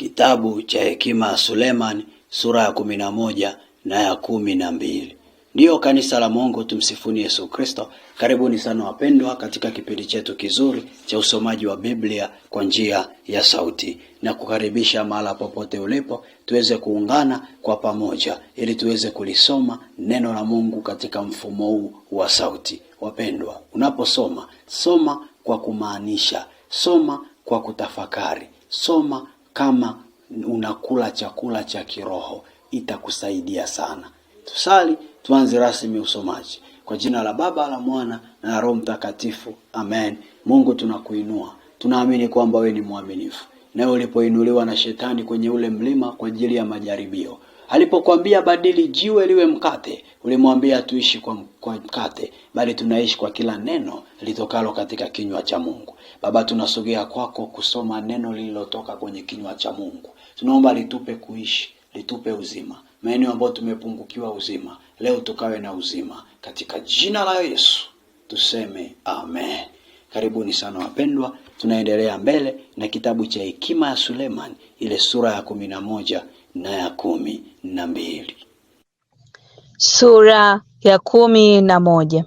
Kitabu cha Hekima ya sura ya kumi na moja na ya kumi na mbili. Ndiyo kanisa la Mungu, tumsifuni Yesu Kristo. Karibuni sana wapendwa, katika kipindi chetu kizuri cha usomaji wa Biblia kwa njia ya sauti, na kukaribisha mahala popote ulipo tuweze kuungana kwa pamoja ili tuweze kulisoma neno la Mungu katika mfumo huu wa sauti. Wapendwa, unaposoma soma kwa kumaanisha, soma kwa kutafakari, soma kama unakula chakula cha kiroho itakusaidia sana. Tusali tuanze rasmi usomaji. Kwa jina la Baba la Mwana na Roho Mtakatifu, amen. Mungu tunakuinua, tunaamini kwamba wewe ni mwaminifu, nawe ulipoinuliwa na shetani kwenye ule mlima kwa ajili ya majaribio Alipokwambia badili jiwe liwe mkate, ulimwambia tuishi kwa, kwa mkate, bali tunaishi kwa kila neno litokalo katika kinywa cha Mungu. Baba, tunasogea kwako kusoma neno lililotoka kwenye kinywa cha Mungu. Tunaomba litupe kuishi, litupe uzima, maeneo ambayo tumepungukiwa uzima, leo tukawe na uzima katika jina la Yesu, tuseme amen. Karibuni sana wapendwa, tunaendelea mbele na kitabu cha hekima ya Suleman, ile sura ya kumi na moja na ya kumi na mbili. Sura ya kumi na moja.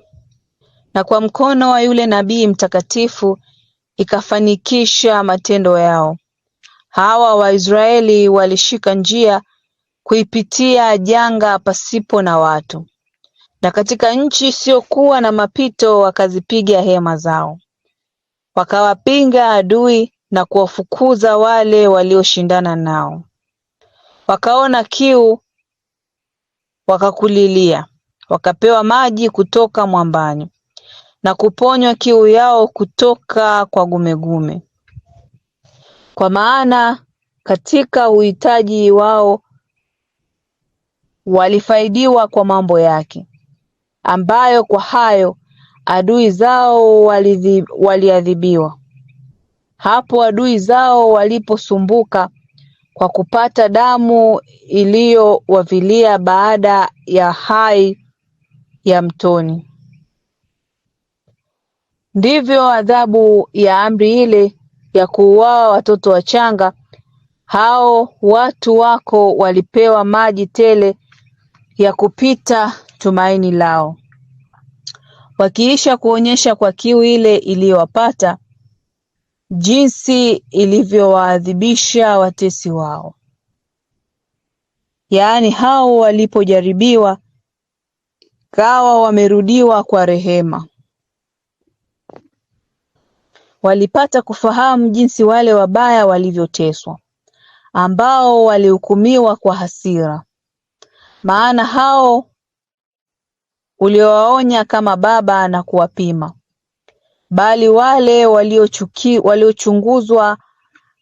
Na kwa mkono wa yule nabii mtakatifu ikafanikisha matendo yao. Hawa Waisraeli walishika njia kuipitia janga pasipo na watu, na katika nchi isiyokuwa na mapito wakazipiga hema zao, wakawapinga adui na kuwafukuza wale walioshindana nao wakaona kiu wakakulilia, wakapewa maji kutoka mwambani na kuponywa kiu yao kutoka kwa gumegume, kwa maana katika uhitaji wao walifaidiwa kwa mambo yake, ambayo kwa hayo adui zao waliadhibiwa. Hapo adui zao waliposumbuka kwa kupata damu iliyowavilia baada ya hai ya mtoni ndivyo adhabu ya amri ile ya kuuawa watoto wachanga hao watu wako walipewa maji tele ya kupita tumaini lao, wakiisha kuonyesha kwa kiu ile iliyowapata jinsi ilivyowaadhibisha watesi wao, yaani hao walipojaribiwa kawa wamerudiwa kwa rehema. Walipata kufahamu jinsi wale wabaya walivyoteswa, ambao walihukumiwa kwa hasira, maana hao uliowaonya kama baba na kuwapima bali wale waliochunguzwa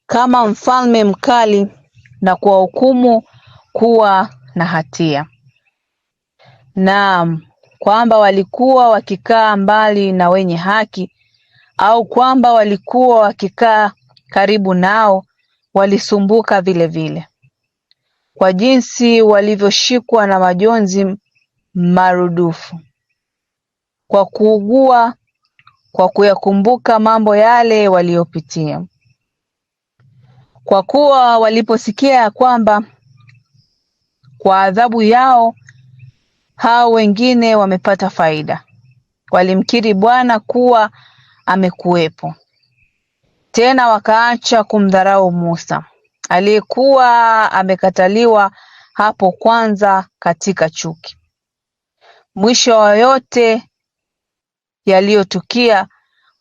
kama mfalme mkali na kuwahukumu kuwa na hatia. Naam, kwamba walikuwa wakikaa mbali na wenye haki, au kwamba walikuwa wakikaa karibu nao, walisumbuka vile vile kwa jinsi walivyoshikwa na majonzi marudufu, kwa kuugua kwa kuyakumbuka mambo yale waliyopitia kwa kuwa waliposikia ya kwamba kwa adhabu yao hao wengine wamepata faida, walimkiri Bwana kuwa amekuwepo. Tena wakaacha kumdharau Musa aliyekuwa amekataliwa hapo kwanza katika chuki. Mwisho wa yote yaliyotukia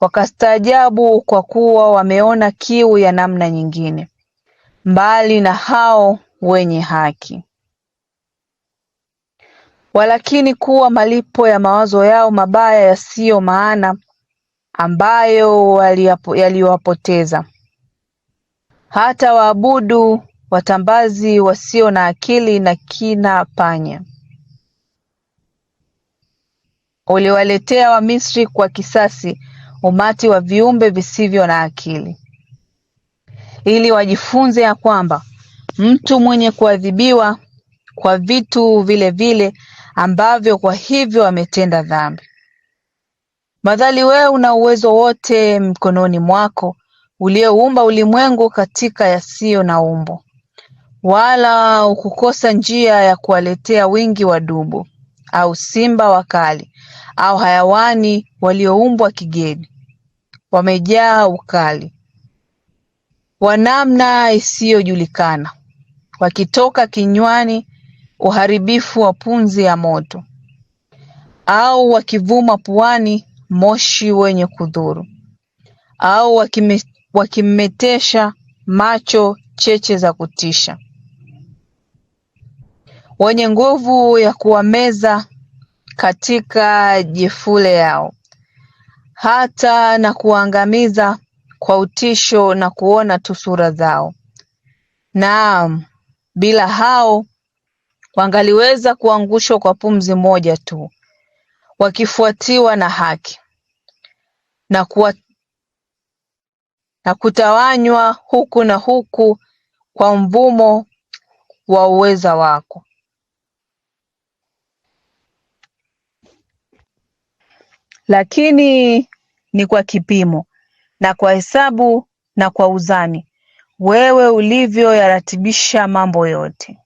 wakastaajabu kwa kuwa wameona kiu ya namna nyingine mbali na hao wenye haki walakini kuwa malipo ya mawazo yao mabaya yasiyo maana ambayo yaliwapoteza hata waabudu watambazi wasio na akili na kina panya uliwaletea Wamisri kwa kisasi umati wa viumbe visivyo na akili, ili wajifunze ya kwamba mtu mwenye kuadhibiwa kwa vitu vile vile ambavyo kwa hivyo ametenda dhambi. Madhali wewe una uwezo wote mkononi mwako, ulioumba ulimwengu katika yasiyo na umbo, wala ukukosa njia ya kuwaletea wingi wa dubu au simba wakali au hayawani walioumbwa kigeni, wamejaa ukali wa namna isiyojulikana, wakitoka kinywani uharibifu wa punzi ya moto, au wakivuma puani moshi wenye kudhuru, au wakime, macho cheche za kutisha, wenye nguvu ya kuwameza katika jefule yao, hata na kuangamiza kwa utisho na kuona tu sura zao. Naam, bila hao wangaliweza kuangushwa kwa pumzi moja tu, wakifuatiwa na haki na, kuwa, na kutawanywa huku na huku kwa mvumo wa uweza wako. lakini ni kwa kipimo na kwa hesabu na kwa uzani, wewe ulivyoyaratibisha mambo yote.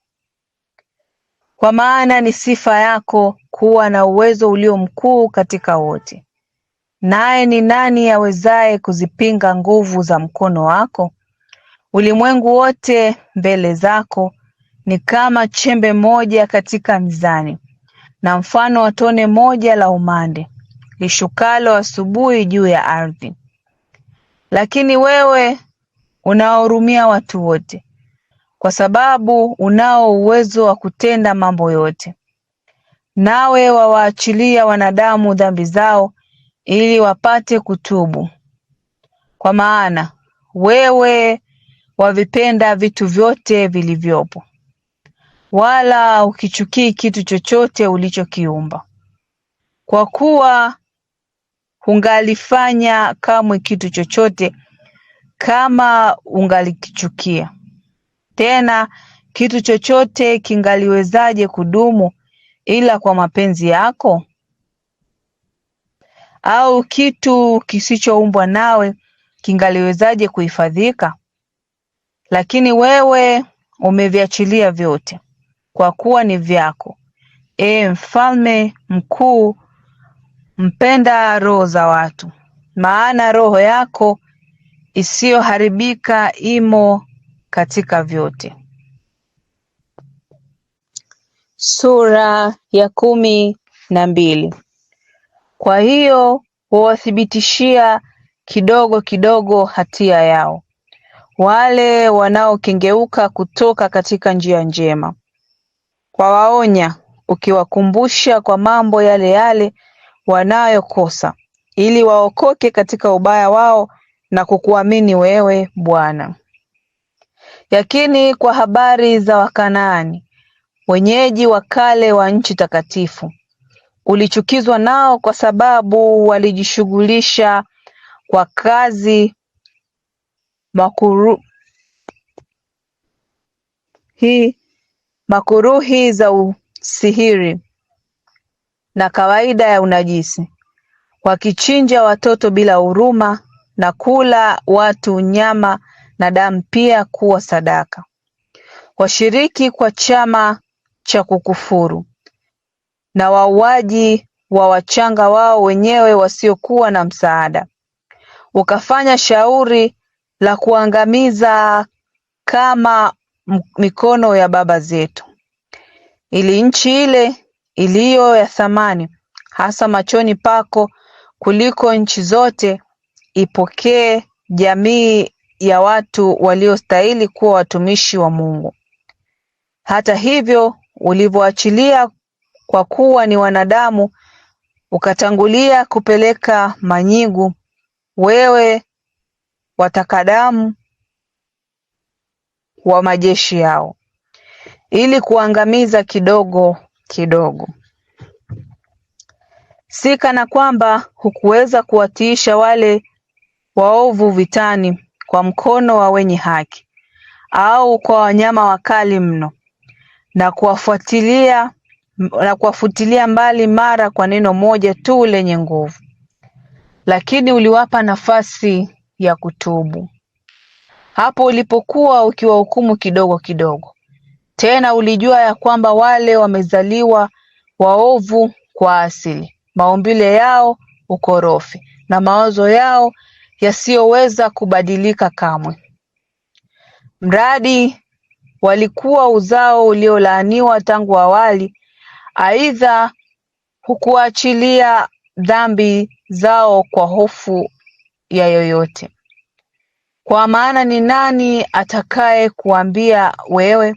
Kwa maana ni sifa yako kuwa na uwezo ulio mkuu katika wote. Naye ni nani awezaye kuzipinga nguvu za mkono wako? Ulimwengu wote mbele zako ni kama chembe moja katika mizani, na mfano wa tone moja la umande lishukalo asubuhi juu ya ardhi. Lakini wewe unawahurumia watu wote, kwa sababu unao uwezo wa kutenda mambo yote, nawe wawaachilia wanadamu dhambi zao ili wapate kutubu. Kwa maana wewe wavipenda vitu vyote vilivyopo, wala ukichukii kitu chochote ulichokiumba. Kwa kuwa hungalifanya kamwe kitu chochote kama ungalikichukia. Tena kitu chochote kingaliwezaje kudumu ila kwa mapenzi yako? Au kitu kisichoumbwa nawe kingaliwezaje kuhifadhika? Lakini wewe umeviachilia vyote, kwa kuwa ni vyako, e Mfalme mkuu Mpenda roho za watu, maana roho yako isiyoharibika imo katika vyote. Sura ya kumi na mbili. Kwa hiyo wawathibitishia kidogo kidogo hatia yao wale wanaokengeuka kutoka katika njia njema, kwa waonya ukiwakumbusha kwa mambo yale yale wanayokosa ili waokoke katika ubaya wao na kukuamini wewe Bwana. Yakini kwa habari za Wakanaani, wenyeji wa kale wa nchi takatifu, ulichukizwa nao kwa sababu walijishughulisha kwa kazi makuru... hii makuruhi za usihiri na kawaida ya unajisi, wakichinja watoto bila huruma na kula watu nyama na damu pia kuwa sadaka, washiriki kwa chama cha kukufuru na wauaji wa wachanga wao wenyewe wasiokuwa na msaada, ukafanya shauri la kuangamiza kama mikono ya baba zetu, ili nchi ile iliyo ya thamani hasa machoni pako kuliko nchi zote, ipokee jamii ya watu waliostahili kuwa watumishi wa Mungu. Hata hivyo, ulivyoachilia kwa kuwa ni wanadamu, ukatangulia kupeleka manyigu, wewe watakadamu wa majeshi yao, ili kuangamiza kidogo kidogo, si kana kwamba hukuweza kuwatiisha wale waovu vitani kwa mkono wa wenye haki, au kwa wanyama wakali mno, na kuwafuatilia na kuwafutilia mbali mara kwa neno moja tu lenye nguvu, lakini uliwapa nafasi ya kutubu hapo ulipokuwa ukiwahukumu kidogo kidogo tena ulijua ya kwamba wale wamezaliwa waovu kwa asili, maumbile yao ukorofi, na mawazo yao yasiyoweza kubadilika kamwe, mradi walikuwa uzao uliolaaniwa tangu awali. Aidha, hukuachilia dhambi zao kwa hofu ya yoyote, kwa maana ni nani atakaye kuambia wewe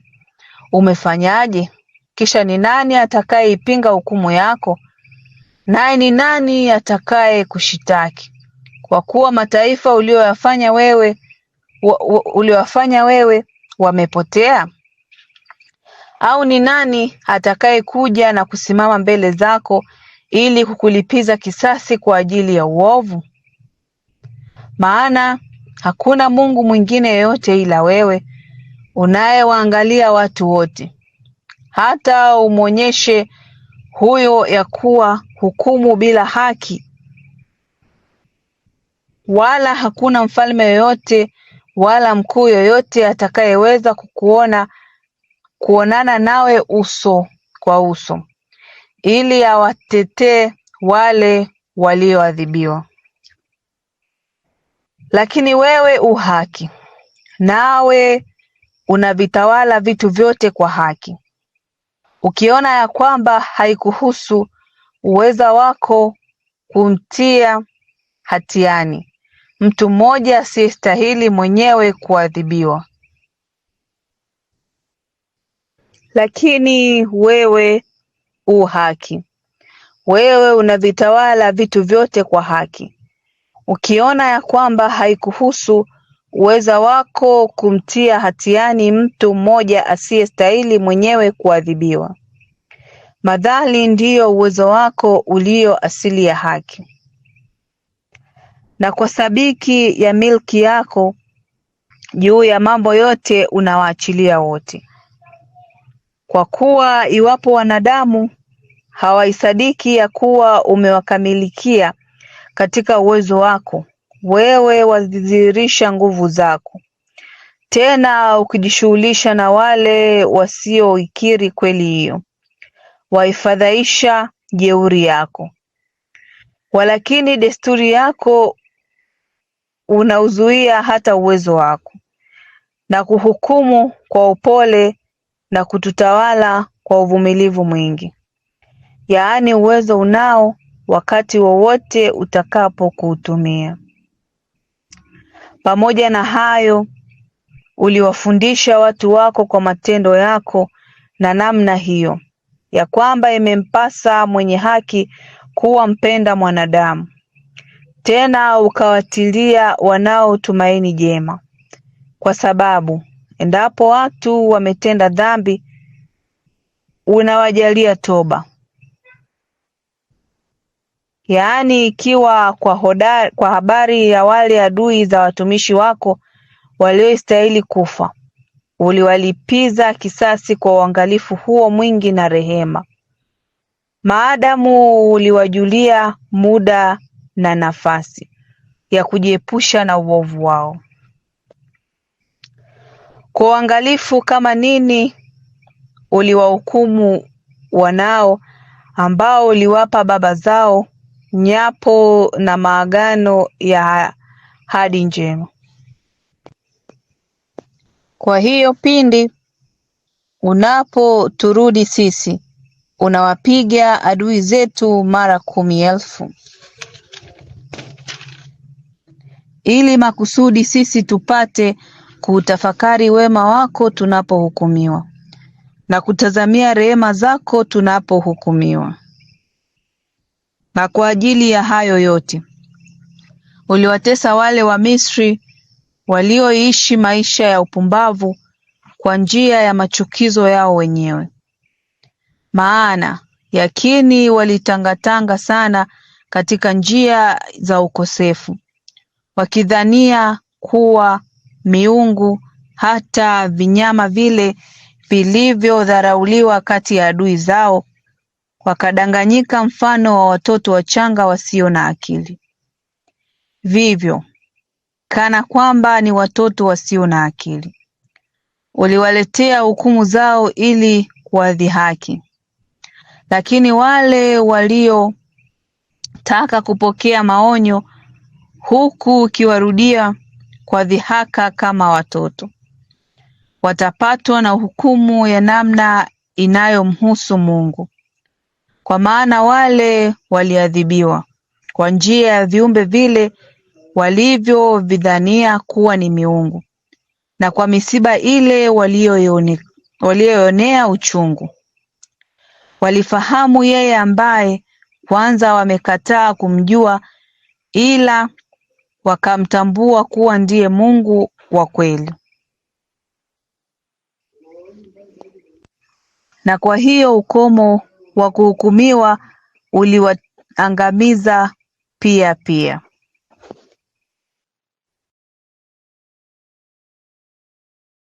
umefanyaje? Kisha ni nani atakayeipinga hukumu yako? Naye ni nani atakayekushitaki? Kwa kuwa mataifa uliyoyafanya wewe, uliyoyafanya wewe wamepotea? Au ni nani atakayekuja na kusimama mbele zako ili kukulipiza kisasi kwa ajili ya uovu? Maana hakuna Mungu mwingine yeyote ila wewe unayewaangalia watu wote, hata umwonyeshe huyo ya kuwa hukumu bila haki, wala hakuna mfalme yoyote wala mkuu yoyote atakayeweza kukuona kuonana nawe uso kwa uso, ili awatetee wale walioadhibiwa. Lakini wewe u haki, nawe unavitawala vitu vyote kwa haki ukiona ya kwamba haikuhusu uweza wako kumtia hatiani mtu mmoja asiyestahili mwenyewe kuadhibiwa, lakini wewe u haki, wewe unavitawala vitu vyote kwa haki, ukiona ya kwamba haikuhusu uweza wako kumtia hatiani mtu mmoja asiyestahili mwenyewe kuadhibiwa. Madhali ndiyo uwezo wako ulio asili ya haki, na kwa sabiki ya milki yako juu ya mambo yote unawaachilia wote. Kwa kuwa iwapo wanadamu hawaisadiki ya kuwa umewakamilikia katika uwezo wako, wewe wazidhihirisha nguvu zako, tena ukijishughulisha na wale wasioikiri kweli hiyo, waifadhaisha jeuri yako. Walakini desturi yako unauzuia hata uwezo wako, na kuhukumu kwa upole na kututawala kwa uvumilivu mwingi, yaani uwezo unao wakati wowote utakapo kuutumia. Pamoja na hayo, uliwafundisha watu wako kwa matendo yako na namna hiyo, ya kwamba imempasa mwenye haki kuwa mpenda mwanadamu. Tena ukawatilia wanaotumaini jema, kwa sababu endapo watu wametenda dhambi, unawajalia toba yaani ikiwa kwa habari ya wale adui za watumishi wako walioistahili kufa, uliwalipiza kisasi kwa uangalifu huo mwingi na rehema, maadamu uliwajulia muda na nafasi ya kujiepusha na uovu wao kwa uangalifu kama nini uliwahukumu wanao ambao uliwapa baba zao nyapo na maagano ya hadi njema. Kwa hiyo pindi unapoturudi sisi, unawapiga adui zetu mara kumi elfu, ili makusudi sisi tupate kuutafakari wema wako tunapohukumiwa na kutazamia rehema zako tunapohukumiwa. Na kwa ajili ya hayo yote uliwatesa wale wa Misri walioishi maisha ya upumbavu kwa njia ya machukizo yao wenyewe, maana yakini walitangatanga sana katika njia za ukosefu, wakidhania kuwa miungu hata vinyama vile vilivyodharauliwa kati ya adui zao wakadanganyika mfano wa watoto wachanga wasio na akili vivyo kana kwamba ni watoto wasio na akili uliwaletea hukumu zao ili kuwadhihaki lakini wale waliotaka kupokea maonyo huku ukiwarudia kwa dhihaka kama watoto watapatwa na hukumu ya namna inayomhusu Mungu kwa maana wale waliadhibiwa kwa njia ya viumbe vile walivyovidhania kuwa ni miungu, na kwa misiba ile walioyonea uchungu. Walifahamu yeye ambaye kwanza wamekataa kumjua, ila wakamtambua kuwa ndiye Mungu wa kweli. Na kwa hiyo ukomo wa kuhukumiwa uliwaangamiza pia pia